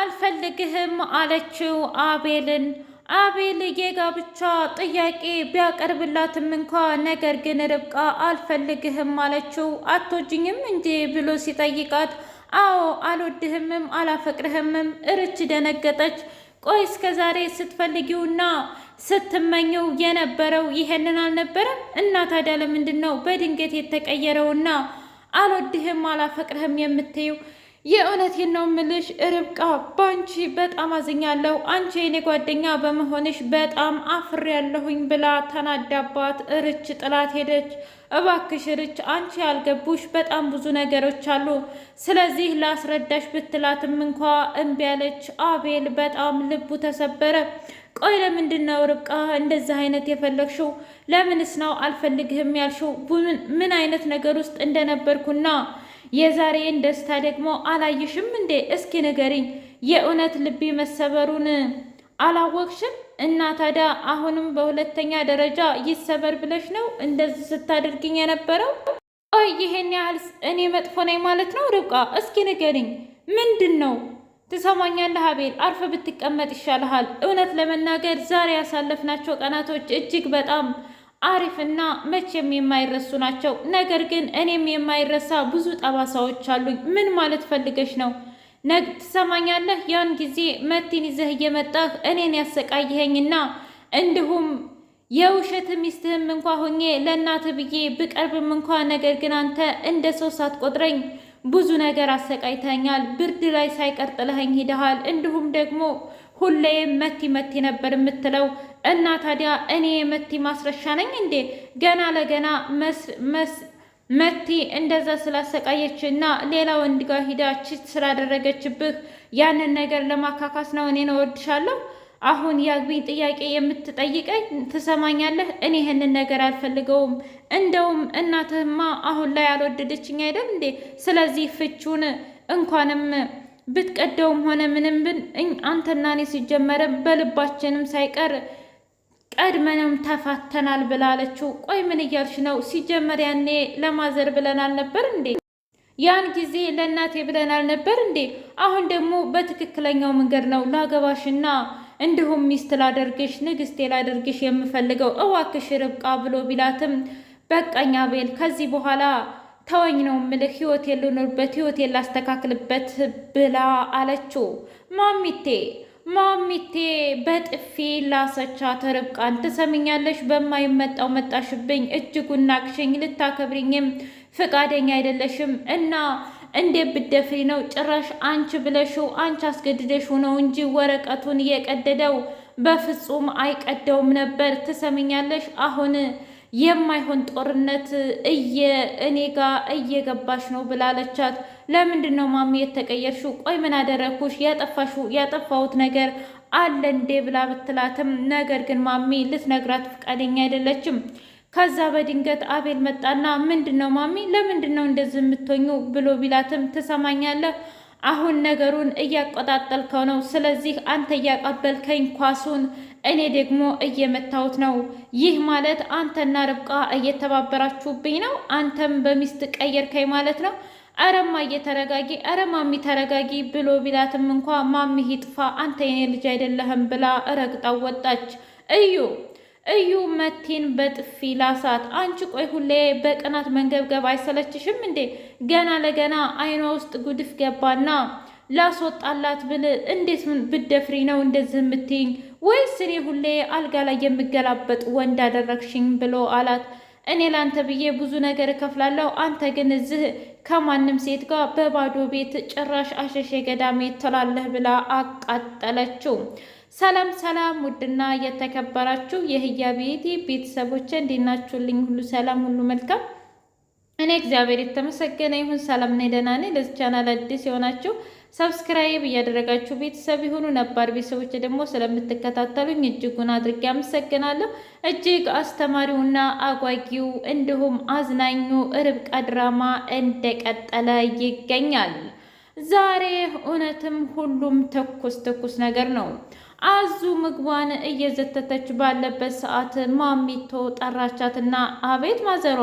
አልፈልግህም አለችው አቤልን። አቤል የጋብቻ ጥያቄ ቢያቀርብላትም እንኳ ነገር ግን ርብቃ አልፈልግህም አለችው። አትወጂኝም እንዴ ብሎ ሲጠይቃት አዎ አልወድህምም አላፈቅርህምም። እርች ደነገጠች። ቆይ እስከ ዛሬ ስትፈልጊውና ስትመኘው የነበረው ይሄንን አልነበረም? እና ታዲያ ለምንድን ነው በድንገት የተቀየረውና አልወድህም አላፈቅርህም የምትይው? የእውነቴን ነው ምልሽ ርብቃ፣ ባንቺ በጣም አዝኛለሁ። አንቺ የኔ ጓደኛ በመሆንሽ በጣም አፍሬ ያለሁኝ ብላ ተናዳባት እርች ጥላት ሄደች። እባክሽ ርች፣ አንቺ ያልገቡሽ በጣም ብዙ ነገሮች አሉ። ስለዚህ ላስረዳሽ ብትላትም እንኳ እምቢ አለች። አቤል በጣም ልቡ ተሰበረ። ቆይ ለምንድን ነው ርብቃ እንደዚህ አይነት የፈለግሽው? ለምንስ ነው አልፈልግህም ያልሽው? ምን አይነት ነገር ውስጥ እንደነበርኩና የዛሬን ደስታ ደግሞ አላየሽም እንዴ? እስኪ ንገሪኝ፣ የእውነት ልቤ መሰበሩን አላወቅሽም? እና ታዲያ አሁንም በሁለተኛ ደረጃ ይሰበር ብለሽ ነው እንደዚህ ስታደርግኝ የነበረው? ቆይ ይሄን ያህል እኔ መጥፎ ነኝ ማለት ነው? ርብቃ እስኪ ንገሪኝ፣ ምንድን ነው ትሰማኛለህ? አቤል አርፈ ብትቀመጥ ይሻልሃል። እውነት ለመናገር ዛሬ ያሳለፍናቸው ቀናቶች እጅግ በጣም አሪፍና መቼም የማይረሱ ናቸው። ነገር ግን እኔም የማይረሳ ብዙ ጠባሳዎች አሉኝ። ምን ማለት ፈልገሽ ነው? ነግ ትሰማኛለህ? ያን ጊዜ መቲን ይዘህ እየመጣህ እኔን ያሰቃይኸኝና እንዲሁም የውሸት ሚስትህም እንኳ ሆኜ ለእናትህ ብዬ ብቀርብም እንኳ ነገር ግን አንተ እንደ ሰው ሳትቆጥረኝ ብዙ ነገር አሰቃይተኛል። ብርድ ላይ ሳይቀርጥለኸኝ ሂደሃል። እንዲሁም ደግሞ ሁሌም መቲ መቲ ነበር የምትለው እና ታዲያ እኔ መቲ ማስረሻ ነኝ እንዴ? ገና ለገና መቲ እንደዛ ስላሰቃየች እና ሌላ ወንድ ጋር ሂዳች ስላደረገችብህ ያንን ነገር ለማካካስ ነው እኔ ነው እወድሻለሁ አሁን የአግቢኝ ጥያቄ የምትጠይቀኝ ትሰማኛለህ? እኔ ይህንን ነገር አልፈልገውም። እንደውም እናትህማ አሁን ላይ አልወደደችኝ አይደል እንዴ? ስለዚህ ፍቹን እንኳንም ብትቀደውም ሆነ ምንም ብን አንተና እኔ ሲጀመረ በልባችንም ሳይቀር ቀድመንም ተፋተናል ብላለችው። ቆይ ምን እያልሽ ነው? ሲጀመር ያኔ ለማዘር ብለን አልነበር እንዴ? ያን ጊዜ ለእናቴ ብለን አልነበር እንዴ? አሁን ደግሞ በትክክለኛው መንገድ ነው ላገባሽና እንዲሁም ሚስት ላደርግሽ፣ ንግስቴ ላደርግሽ የምፈልገው እዋክሽ ርብቃ ብሎ ቢላትም በቀኛ ቤል ከዚህ በኋላ ተወኝ ነው ምልህ ህይወት ልኖርበት ህይወት ላስተካክልበት ብላ አለችው። ማሚቴ ማሚቴ በጥፊ ላሰቻት ርብቃን። ትሰምኛለሽ? በማይመጣው መጣሽብኝ፣ እጅጉን ናቅሽኝ፣ ልታከብሪኝም ፈቃደኛ አይደለሽም እና እንዴ ብደፍሪ ነው ጭራሽ አንቺ ብለሽው አንቺ አስገድደሽው ነው እንጂ ወረቀቱን የቀደደው በፍጹም አይቀደውም ነበር። ትሰምኛለሽ አሁን የማይሆን ጦርነት እኔ ጋ እየገባሽ ነው ብላለቻት። ለምንድን ነው ማሚ የተቀየርሽው? ቆይ ምን አደረግኩሽ? ያጠፋሁት ነገር አለ እንዴ ብላ ብትላትም ነገር ግን ማሚ ልትነግራት ፈቃደኛ አይደለችም። ከዛ በድንገት አቤል መጣና ምንድን ነው ማሚ ለምንድን ነው እንደዚህ የምትኙ ብሎ ቢላትም ትሰማኛለህ አሁን ነገሩን እያቆጣጠልከው ነው። ስለዚህ አንተ እያቀበልከኝ ኳሱን እኔ ደግሞ እየመታሁት ነው። ይህ ማለት አንተና ርብቃ እየተባበራችሁብኝ ነው። አንተም በሚስት ቀየርከኝ ማለት ነው። አረ እማዬ ተረጋጊ፣ አረ ማሚ ተረጋጊ ብሎ ቢላትም እንኳ ማሚ ሂጥፋ አንተ የኔ ልጅ አይደለህም ብላ ረግጣው ወጣች። እዩ እዩ መቴን በጥፊ ላሳት። አንቺ ቆይ ሁሌ በቅናት መንገብገብ አይሰለችሽም እንዴ? ገና ለገና አይኗ ውስጥ ጉድፍ ገባና ላስወጣላት ብል እንዴት ብደፍሪ ነው እንደዚህ የምትይኝ? ወይስ እኔ ሁሌ አልጋ ላይ የምገላበጥ ወንድ አደረግሽኝ ብሎ አላት። እኔ ላንተ ብዬ ብዙ ነገር እከፍላለሁ፣ አንተ ግን እዚህ ከማንም ሴት ጋር በባዶ ቤት ጭራሽ አሸሼ ገዳሜ ትላለህ ብላ አቃጠለችው። ሰላም ሰላም! ውድና የተከበራችሁ የህያ ቤቴ ቤተሰቦች ናችሁልኝ ሁሉ ሰላም፣ ሁሉ መልካም። እኔ እግዚአብሔር የተመሰገነ ይሁን ሰላም ነኝ፣ ደህና ነኝ። ለዚህ ቻናል አዲስ የሆናችሁ ሰብስክራይብ እያደረጋችሁ ቤተሰብ የሆኑ ነባር ቤተሰቦች ደግሞ ስለምትከታተሉኝ እጅጉን አድርጌ አመሰግናለሁ። እጅግ አስተማሪውና አጓጊው እንዲሁም አዝናኙ ርብቃ ድራማ እንደቀጠለ ይገኛል። ዛሬ እውነትም ሁሉም ትኩስ ትኩስ ነገር ነው። አዙ ምግቧን እየዘተተች ባለበት ሰዓት ማሚቶ ጠራቻትና አቤት ማዘሯ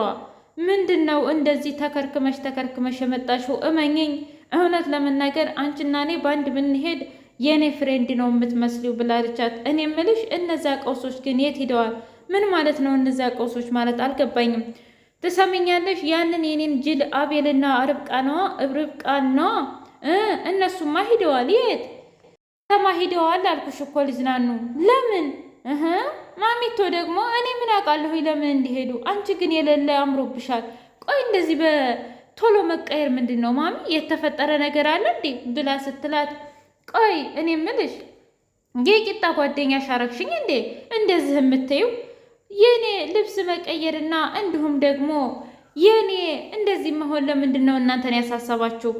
ምንድን ነው እንደዚህ ተከርክመሽ ተከርክመሽ የመጣሽው? እመኝኝ እውነት ለመናገር አንቺና እኔ በአንድ ምንሄድ የእኔ ፍሬንድ ነው የምትመስሊው ብላለቻት። እኔ ምልሽ እነዛ ቀውሶች ግን የት ሂደዋል? ምን ማለት ነው እነዛ ቀውሶች ማለት አልገባኝም። ትሰምኛለሽ? ያንን የኔን ጅል አቤልና ርብቃ ነዋ ርብቃ ነዋ። እነሱማ ሂደዋል። የት ተማ ሂደዋል አልኩሽ እኮ ሊዝናኑ። ለምን ማሚቶ ደግሞ እኔ ምን አውቃለሁ ለምን እንዲሄዱ። አንቺ ግን የሌለ አምሮብሻል። ቆይ እንደዚህ በ ቶሎ መቀየር ምንድን ነው ማሚ? የተፈጠረ ነገር አለ እንዴ ብላ ስትላት፣ ቆይ እኔ ምልሽ የቂጣ ጓደኛ ሻረክሽኝ እንዴ እንደዚህ የምትይው የእኔ ልብስ መቀየርና እንዲሁም ደግሞ የእኔ እንደዚህ መሆን ለምንድን ነው እናንተን ያሳሰባችሁ?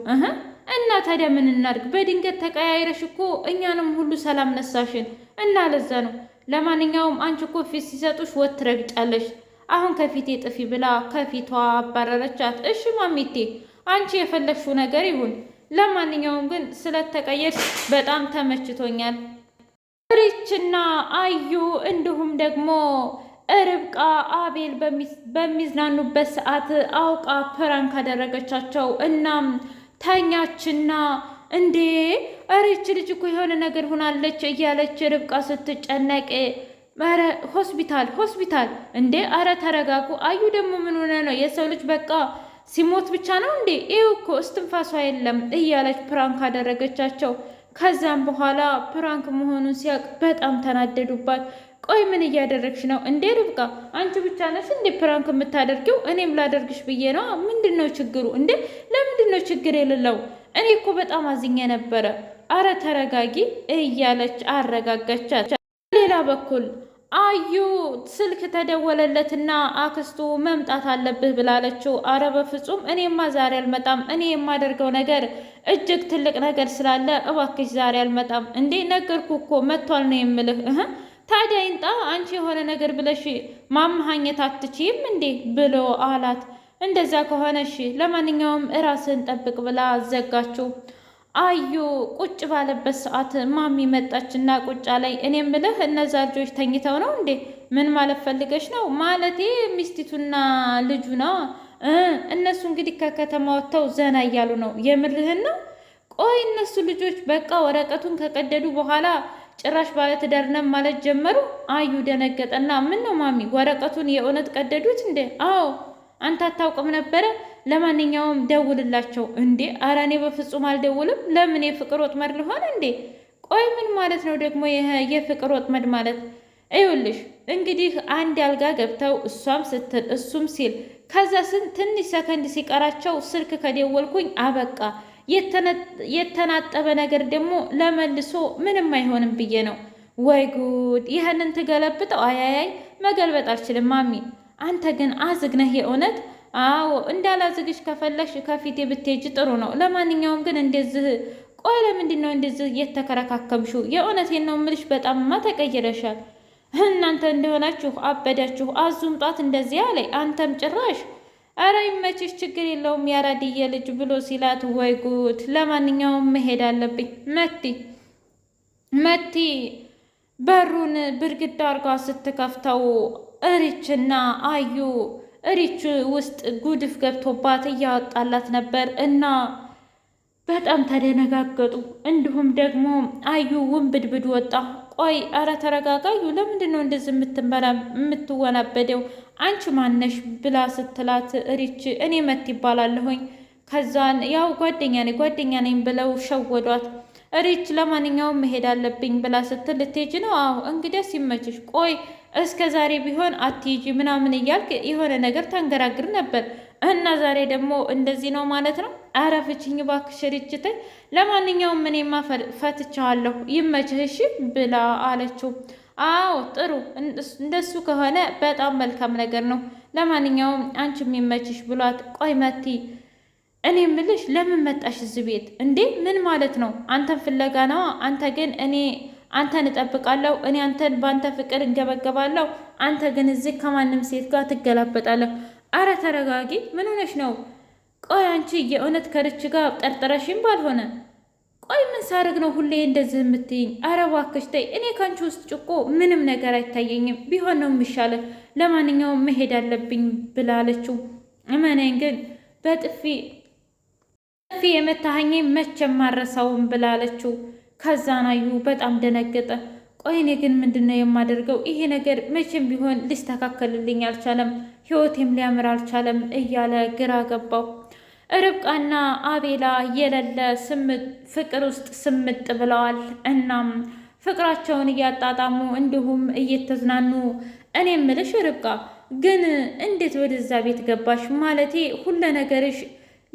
እና ታዲያ ምን እናድርግ? በድንገት ተቀያይረሽ እኮ እኛንም ሁሉ ሰላም ነሳሽን እና ለዛ ነው። ለማንኛውም አንቺ እኮ ፊት ሲሰጡሽ ወት ትረግጫለሽ አሁን ከፊቴ ጥፊ ብላ ከፊቷ አባረረቻት። እሺ ማሚቴ አንቺ የፈለግሽው ነገር ይሁን፣ ለማንኛውም ግን ስለተቀየርሽ በጣም ተመችቶኛል። ሪችና አዩ እንዲሁም ደግሞ ርብቃ አቤል በሚዝናኑበት ሰዓት አውቃ ፕራንክ አደረገቻቸው። እናም ተኛችና እንዴ ሪች ልጅ እኮ የሆነ ነገር ሆናለች እያለች ርብቃ ስትጨነቅ ኧረ ሆስፒታል ሆስፒታል እንዴ! አረ ተረጋጉ። አዩ ደግሞ ምን ሆነ ነው? የሰው ልጅ በቃ ሲሞት ብቻ ነው እንዴ? ይኸው እኮ እስትንፋሷ የለም እያለች ፕራንክ አደረገቻቸው። ከዛም በኋላ ፕራንክ መሆኑን ሲያቅ በጣም ተናደዱባት። ቆይ ምን እያደረግሽ ነው እንዴ ርብቃ? አንቺ ብቻ ነሽ እንዴ ፕራንክ የምታደርጊው? እኔም ላደርግሽ ብዬ ነው። ምንድን ነው ችግሩ እንዴ? ለምንድን ነው ችግር የሌለው? እኔ እኮ በጣም አዝኜ ነበረ። አረ ተረጋጊ እያለች አረጋጋቻት። ሌላ በኩል አዩ ስልክ ተደወለለትና አክስቱ መምጣት አለብህ ብላለችው። አረ በፍጹም እኔማ ዛሬ አልመጣም። እኔ የማደርገው ነገር እጅግ ትልቅ ነገር ስላለ እባክሽ ዛሬ አልመጣም። እንዴ ነገርኩ እኮ መጥቷል ነው የምልህ። ታዲያ ይንጣ አንቺ የሆነ ነገር ብለሽ ማመሃኘት አትችይም እንዴ ብሎ አላት። እንደዛ ከሆነሽ ለማንኛውም እራስን ጠብቅ ብላ ዘጋችው። አዩ ቁጭ ባለበት ሰዓት ማሚ መጣችና ቁጫ ላይ እኔ ምልህ እነዛ ልጆች ተኝተው ነው እንዴ? ምን ማለት ፈልገች ነው? ማለቴ ሚስቲቱና ልጁ ና እነሱ እንግዲህ ከከተማ ወጥተው ዘና እያሉ ነው። የምልህን ነው? ቆይ እነሱ ልጆች በቃ ወረቀቱን ከቀደዱ በኋላ ጭራሽ ባለትዳርነን ማለት ጀመሩ። አዩ ደነገጠና ምን ነው ማሚ፣ ወረቀቱን የእውነት ቀደዱት እንዴ? አዎ አንተ አታውቅም ነበረ? ለማንኛውም ደውልላቸው። እንዴ አረ እኔ በፍጹም አልደውልም። ለምን የፍቅር ወጥመድ ልሆን እንዴ? ቆይ ምን ማለት ነው ደግሞ የፍቅር ወጥመድ ማለት? እዩልሽ እንግዲህ አንድ አልጋ ገብተው እሷም ስትል እሱም ሲል ከዛ ስን ትንሽ ሰከንድ ሲቀራቸው ስልክ ከደወልኩኝ አበቃ። የተናጠበ ነገር ደግሞ ለመልሶ ምንም አይሆንም ብዬ ነው። ወይ ጉድ! ይህንን ትገለብጠው። አያያይ መገልበጥ አልችልም ማሚ። አንተ ግን አዝግነህ የእውነት አዎ እንዳላዝግሽ ከፈለሽ ከፊቴ ብትሄጂ ጥሩ ነው። ለማንኛውም ግን እንደዚህ ቆይ፣ ለምንድን ነው እንደዚህ እየተከረካከምሽው? የእውነቴን ነው የምልሽ፣ በጣምማ ተቀይረሻል። እናንተ እንደሆናችሁ አበዳችሁ። አዙም ጧት እንደዚህ አለኝ፣ አንተም ጭራሽ አረ ይመችሽ፣ ችግር የለውም ያራድዬ ልጅ ብሎ ሲላት፣ ወይ ጉድ! ለማንኛውም መሄድ አለብኝ። መቲ መቲ በሩን ብርግዳ አርጋ ስትከፍተው እሪችና አዩ እሪች ውስጥ ጉድፍ ገብቶባት እያወጣላት ነበር እና በጣም ተደነጋገጡ። እንዲሁም ደግሞ አዩ ውንብድብድ ወጣ። ቆይ አረ ተረጋጋዩ አዩ፣ ለምንድን ነው እንደዚህ የምትወናበደው? አንቺ ማነሽ ብላ ስትላት እሪች እኔ መት ይባላለሁኝ። ከዛን ያው ጓደኛ ነኝ ጓደኛ ነኝ ብለው ሸወዷት። ሪች ለማንኛውም መሄድ አለብኝ ብላ ስትል ልትሄጂ ነው? አዎ እንግዲህ ሲመችሽ። ቆይ እስከ ዛሬ ቢሆን አትሄጂ ምናምን እያልክ የሆነ ነገር ተንገራግር ነበር እና ዛሬ ደግሞ እንደዚህ ነው ማለት ነው። አረፍችኝ ባክሽ እባክሽ ለማንኛውም እኔማ ፈትቼዋለሁ፣ ይመችህ ብላ አለችው። አዎ ጥሩ፣ እንደሱ ከሆነ በጣም መልካም ነገር ነው። ለማንኛውም አንቺ የሚመችሽ ብሏት ቆይ መቲ እኔ ምልሽ ለምን መጣሽ እዚህ ቤት እንዴ? ምን ማለት ነው? አንተን ፍለጋ ነዋ። አንተ ግን እኔ አንተን እጠብቃለሁ፣ እኔ አንተን በአንተ ፍቅር እንገበገባለሁ፣ አንተ ግን እዚህ ከማንም ሴት ጋር ትገላበጣለህ። አረ ተረጋጊ። ምን ሆነሽ ነው? ቆይ አንቺ የእውነት ከርች ጋር ጠርጥረሽም ባልሆነ ቆይ ምን ሳርግ ነው ሁሌ እንደዚህ የምትይኝ? አረ እባክሽ ተይ። እኔ ከአንቺ ውስጥ ጭቆ ምንም ነገር አይታየኝም። ቢሆን ነው የሚሻለ። ለማንኛውም መሄድ አለብኝ ብላለችው። እመነኝ ግን በጥፊ ጥፊ የመታኸኝ መቼም ማረሳውም ብላለችው። ከዛ ናዩ በጣም ደነገጠ። ቆይኔ ግን ምንድን ነው የማደርገው? ይሄ ነገር መቼም ቢሆን ሊስተካከልልኝ አልቻለም፣ ህይወቴም ሊያምር አልቻለም እያለ ግራ ገባው። ርብቃና አቤላ የሌለ ፍቅር ውስጥ ስምጥ ብለዋል። እናም ፍቅራቸውን እያጣጣሙ እንዲሁም እየተዝናኑ እኔ ምልሽ ርብቃ ግን እንዴት ወደዛ ቤት ገባሽ? ማለቴ ሁለ ነገርሽ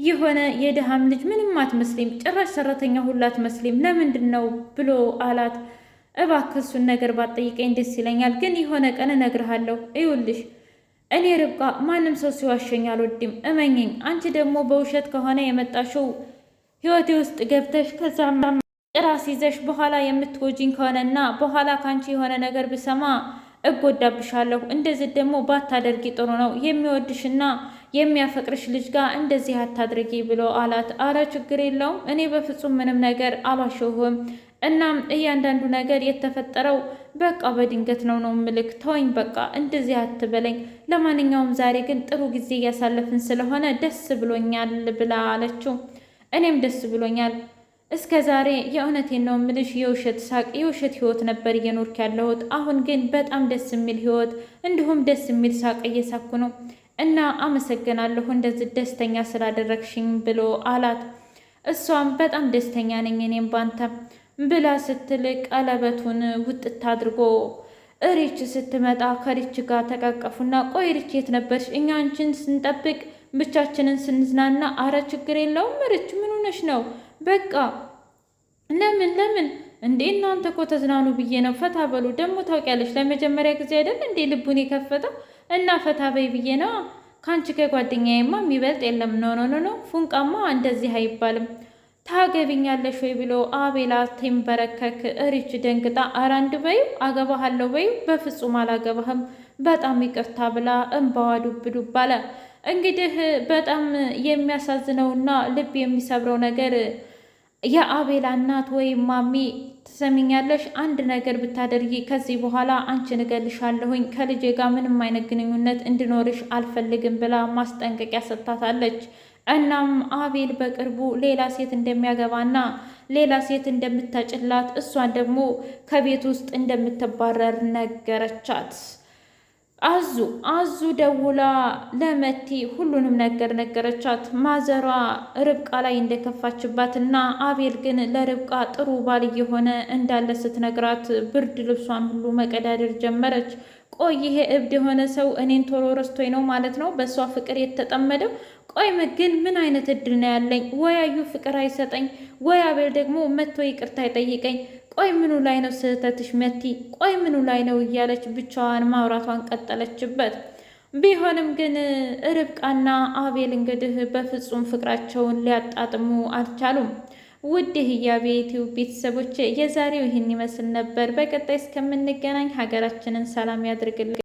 የሆነ የድሃም ልጅ ምንም አትመስሊም፣ ጭራሽ ሰራተኛ ሁላ አትመስሊም፣ ለምንድን ነው ብሎ አላት። እባክህ እሱን ነገር ባትጠይቀኝ ደስ ይለኛል፣ ግን የሆነ ቀን እነግርሃለሁ። እዩልሽ እኔ ርብቃ ማንም ሰው ሲዋሸኝ አልወድም፣ እመኝኝ። አንቺ ደግሞ በውሸት ከሆነ የመጣሽው ህይወቴ ውስጥ ገብተሽ ከዛም ጭራስ ይዘሽ በኋላ የምትጎጂኝ ከሆነና በኋላ ከአንቺ የሆነ ነገር ብሰማ እጎዳብሻለሁ። እንደዚህ ደግሞ ባታደርጊ ጥሩ ነው የሚወድሽና የሚያፈቅርሽ ልጅ ጋር እንደዚህ አታድርጊ ብሎ አላት። አረ ችግር የለውም እኔ በፍጹም ምንም ነገር አላሸሁም። እናም እያንዳንዱ ነገር የተፈጠረው በቃ በድንገት ነው ነው ምልክ ተወኝ፣ በቃ እንደዚህ አትበለኝ። ለማንኛውም ዛሬ ግን ጥሩ ጊዜ እያሳለፍን ስለሆነ ደስ ብሎኛል ብላ አለችው። እኔም ደስ ብሎኛል እስከ ዛሬ የእውነቴን ነው ምልሽ የውሸት ሳቅ የውሸት ህይወት ነበር እየኖርክ ያለሁት። አሁን ግን በጣም ደስ የሚል ህይወት እንዲሁም ደስ የሚል ሳቅ እየሳኩ ነው። እና አመሰግናለሁ እንደዚህ ደስተኛ ስላደረግሽኝ ብሎ አላት። እሷም በጣም ደስተኛ ነኝ እኔም ባንተ ብላ ስትል ቀለበቱን ውጥት አድርጎ እሪች ስትመጣ ከሪች ጋር ተቃቀፉና፣ ቆይ ሪች የት ነበርሽ? እኛ አንቺን ስንጠብቅ ብቻችንን ስንዝናና፣ አረ ችግር የለውም ሪች ምን ሆነሽ ነው? በቃ ለምን ለምን እንዴ እናንተ እኮ ተዝናኑ ብዬ ነው። ፈታ በሉ ደግሞ ታውቂያለሽ፣ ለመጀመሪያ ጊዜ አይደል እንዴ ልቡን የከፈተው እና ፈታ በይ ብዬ ነዋ። ከአንቺ ከጓደኛዬማ የሚበልጥ የለም። ኖ ኖ ኖ፣ ፉንቃማ እንደዚህ አይባልም። ታገቢኛለሽ ወይ ብሎ አቤላ ቲንበረከክ። እሪች ደንግጣ አራንድ አንድ አገባሃለሁ በዩ በፍጹም አላገባህም፣ በጣም ይቅርታ ብላ እንባዋ ዱብ ዱብ አለ። እንግዲህ በጣም የሚያሳዝነውና ልብ የሚሰብረው ነገር የአቤላ እናት ወይም ማሚ ትሰሚኛለሽ፣ አንድ ነገር ብታደርጊ ከዚህ በኋላ አንቺን እገልሻለሁኝ ከልጄ ጋር ምንም አይነት ግንኙነት እንድኖርሽ አልፈልግም ብላ ማስጠንቀቂያ ሰጥታታለች። እናም አቤል በቅርቡ ሌላ ሴት እንደሚያገባና ሌላ ሴት እንደምታጭላት እሷን ደግሞ ከቤት ውስጥ እንደምትባረር ነገረቻት። አዙ አዙ ደውላ ለመቲ ሁሉንም ነገር ነገረቻት። ማዘሯ ርብቃ ላይ እንደከፋችባት እና አቤል ግን ለርብቃ ጥሩ ባል እየሆነ እንዳለ ስትነግራት ብርድ ልብሷን ሁሉ መቀዳደር ጀመረች። ቆይ ይሄ እብድ የሆነ ሰው እኔን ቶሎ ረስቶኝ ነው ማለት ነው በእሷ ፍቅር የተጠመደው? ቆይ ግን ምን አይነት እድል ነው ያለኝ? ወይ አዩ ፍቅር አይሰጠኝ፣ ወይ አቤል ደግሞ መጥቶ ይቅርታ አይጠይቀኝ ቆይ ምኑ ላይ ነው ስህተትሽ መቲ? ቆይ ምኑ ላይ ነው እያለች ብቻዋን ማውራቷን ቀጠለችበት። ቢሆንም ግን ርብቃና አቤል እንግዲህ በፍጹም ፍቅራቸውን ሊያጣጥሙ አልቻሉም። ውድ ህያ ቤተሰቦች የዛሬው ይህን ይመስል ነበር። በቀጣይ እስከምንገናኝ ሀገራችንን ሰላም ያድርግልን።